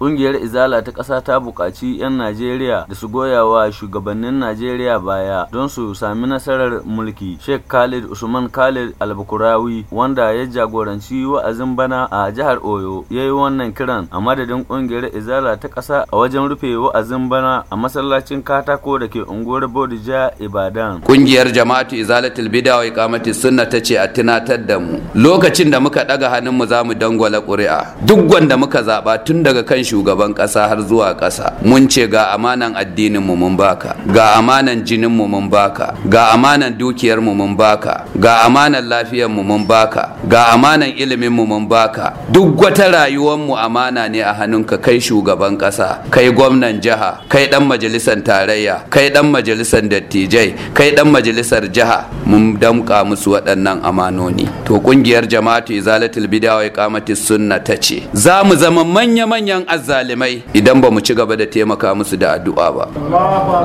Ƙungiyar Izala ta ƙasa ta buƙaci 'yan Najeriya da su goya wa shugabannin Najeriya baya don su sami nasarar mulki. Sheikh Khalid Usman Khalid al Albukurawi wanda ya jagoranci wa'azin bana a jihar Oyo ya yi wannan kiran a madadin ƙungiyar Izala ta ƙasa a wajen rufe wa'azin bana a masallacin katako da ke unguwar Bodija Ibadan. Ƙungiyar Jama'atu Izalatul Bida wa Iqamati Sunna ta ce a tunatar da mu lokacin da muka ɗaga hannunmu za mu dangwala ƙuri'a duk wanda muka zaɓa tun daga kan shugaban ƙasa har zuwa ƙasa mun ce ga amanan addinin mu mun baka ga amanan jinin mu mun baka ga amanan dukiyar mu mun baka ga amanan lafiyar mu mun baka ga amanan ilimin mu mun baka duk wata rayuwar mu amana ne a hannunka kai shugaban ƙasa kai gwamnan jiha kai dan majalisar tarayya kai dan majalisar dattijai kai dan majalisar jiha mun damƙa musu waɗannan amanoni to ƙungiyar jama'atu izalatul bidawai kamati sunna ta ce za mu zama manya-manyan azzalimai idan ba mu ci gaba da taimaka musu da addu'a ba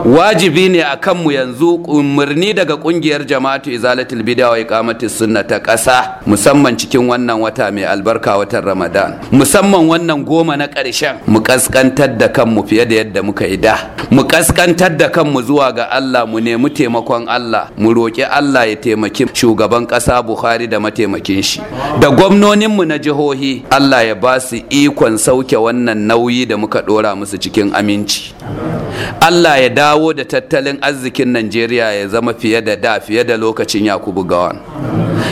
wajibi ne a kanmu yanzu umarni daga kungiyar jama'atu izalatul bid'a wa iqamati sunna ta ƙasa musamman cikin wannan wata mai albarka watan ramadan musamman wannan goma na ƙarshen mu kaskantar da kanmu fiye da yadda muka yi da mu kaskantar da kanmu zuwa ga Allah mu nemi taimakon Allah mu roƙi Allah ya taimaki shugaban ƙasa Buhari da mataimakin shi da gwamnoninmu na jihohi Allah ya ba su ikon sauke wannan nauyi da muka ɗora musu cikin aminci Allah ya dawo da tattalin arzikin Najeriya ya zama fiye da da fiye da lokacin Yakubu Gawan.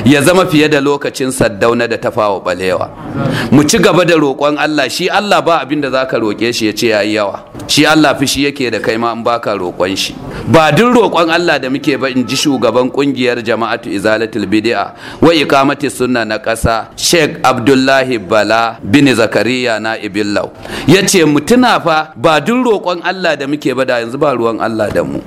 ya zama fiye da lokacin saddauna da tafawa balewa mu ci gaba da roƙon Allah shi Allah ba abin da zaka roƙe shi ya ce yayi yawa shi Allah fishi yake da kai ma in baka roƙon shi ba duk roƙon Allah da muke ba in ji shugaban kungiyar jama'atu izalatul bid'a wa iqamati sunna na ƙasa Sheikh Abdullahi Bala bin Zakariya na Ibillau yace mutuna fa ba duk roƙon Allah da muke ba da yanzu ba ruwan Allah da mu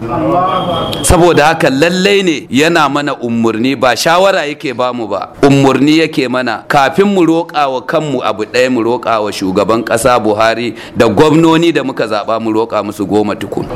saboda haka lallai ne yana mana umurni ba shawara yake yake ba mu ba umurni yake mana kafin mu roƙa wa kanmu abu ɗaya mu roƙa wa shugaban ƙasa buhari da gwamnoni da muka zaɓa mu roƙa musu goma tukun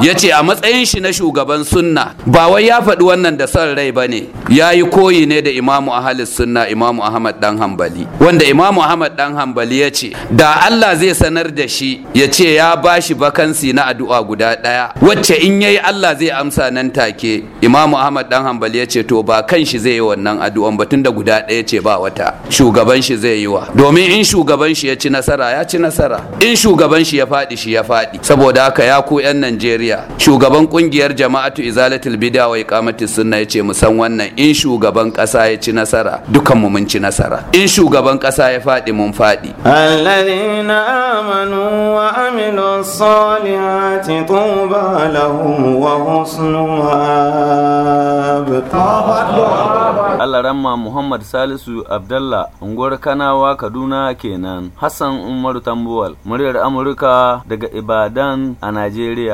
ya ce a matsayin shi na shugaban sunna ba wai ya faɗi wannan da son rai ba ne ya yi koyi ne da imamu ahalis sunna imamu ahmad dan hambali wanda imamu ahmad dan hambali ya ce da allah zai sanar da shi ya ce ya ba shi bakansi na addu'a guda ɗaya wacce in yayi allah zai amsa nan take imamu ahmad dan hambali ya ce to ba kan shi zai yi wa wannan addu'an batun da guda ɗaya ce ba wata shugaban shi zai yi wa domin in shugaban shi ya ci nasara ya ci nasara in shugaban shi ya faɗi shi ya faɗi saboda haka ya ku 'yan Najeriya shugaban kungiyar jama'atu izalatul bid'a wa iqamatis sunna yace mu san wannan in shugaban ƙasa ya ci nasara dukan mu mun ci nasara in shugaban ƙasa ya faɗi mun faɗi alladhina amanu wa amilu salihati tuba lahum wa husnu ramma Muhammad Salisu Abdalla unguwar Kanawa Kaduna kenan. Hassan Umaru Tambuwal, muryar Amurka daga Ibadan a Najeriya.